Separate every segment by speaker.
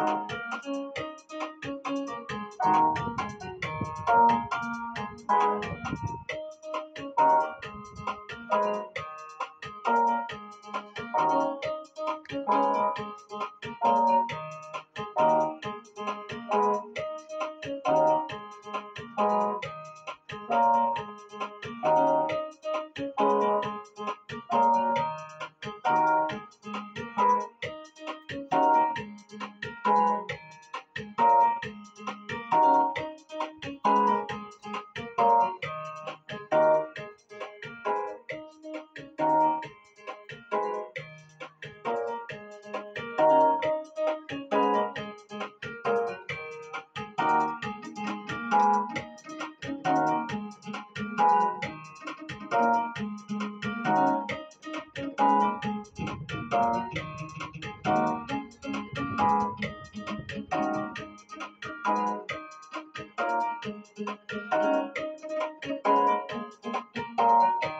Speaker 1: Thank you. Thank you.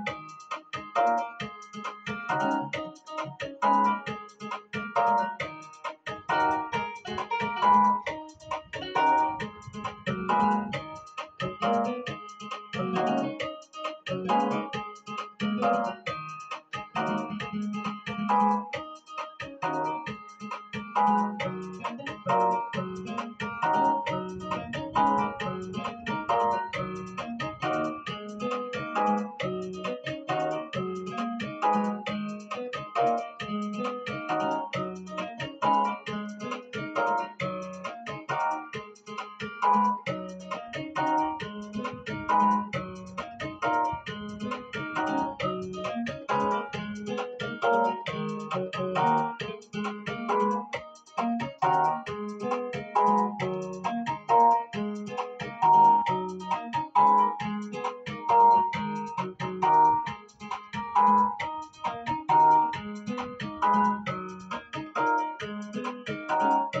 Speaker 1: 何で? thank you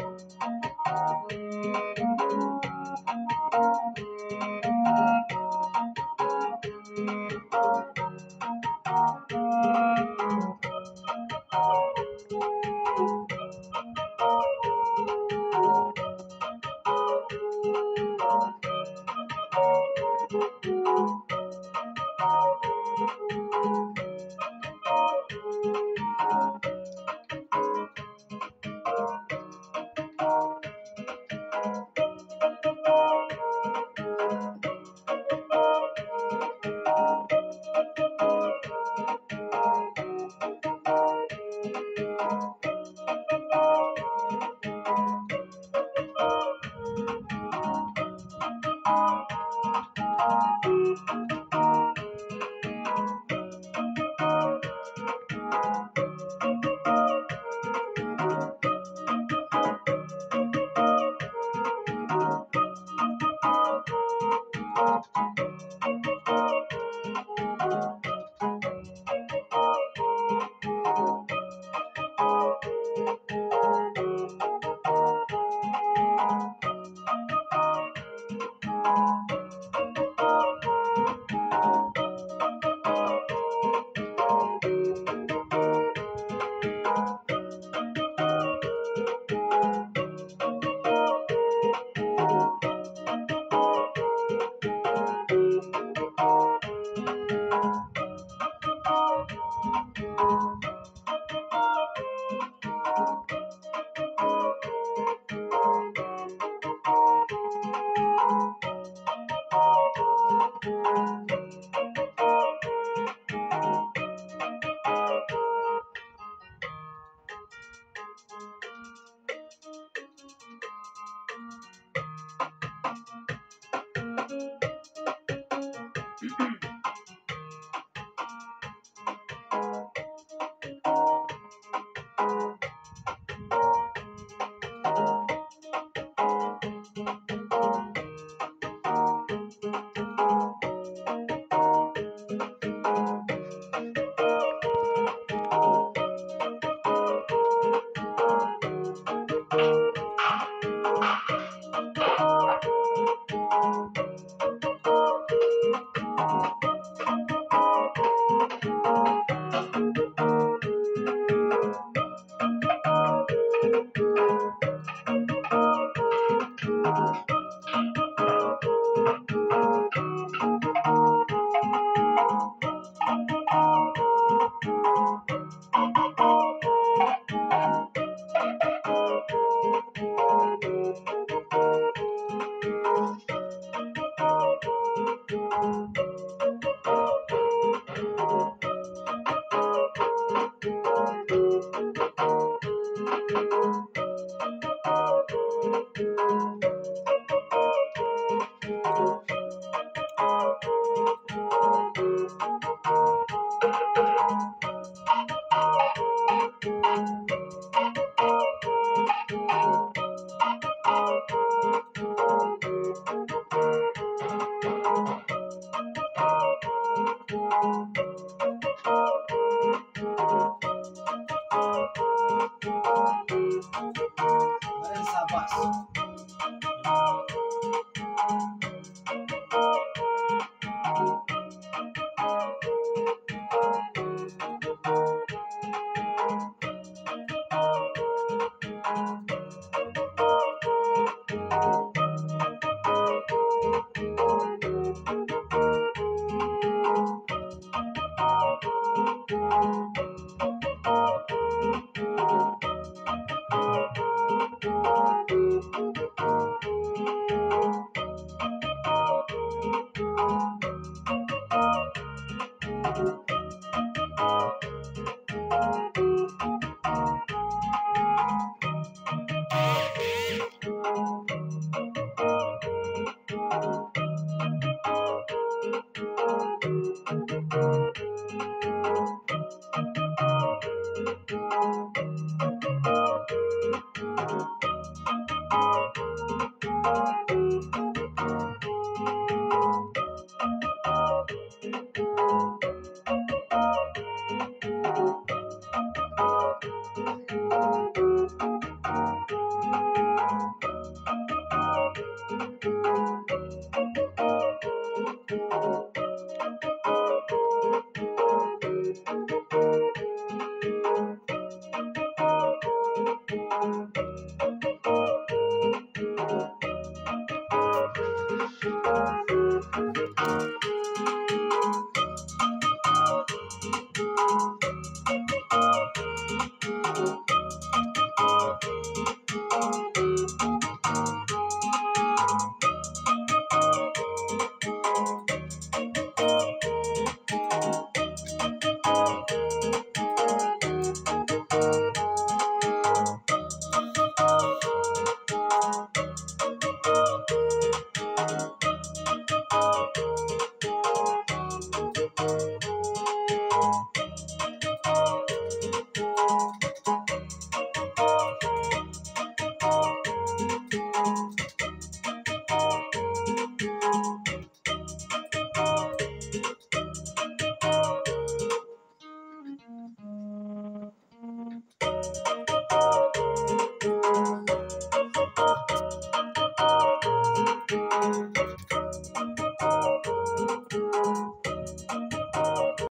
Speaker 1: Plus.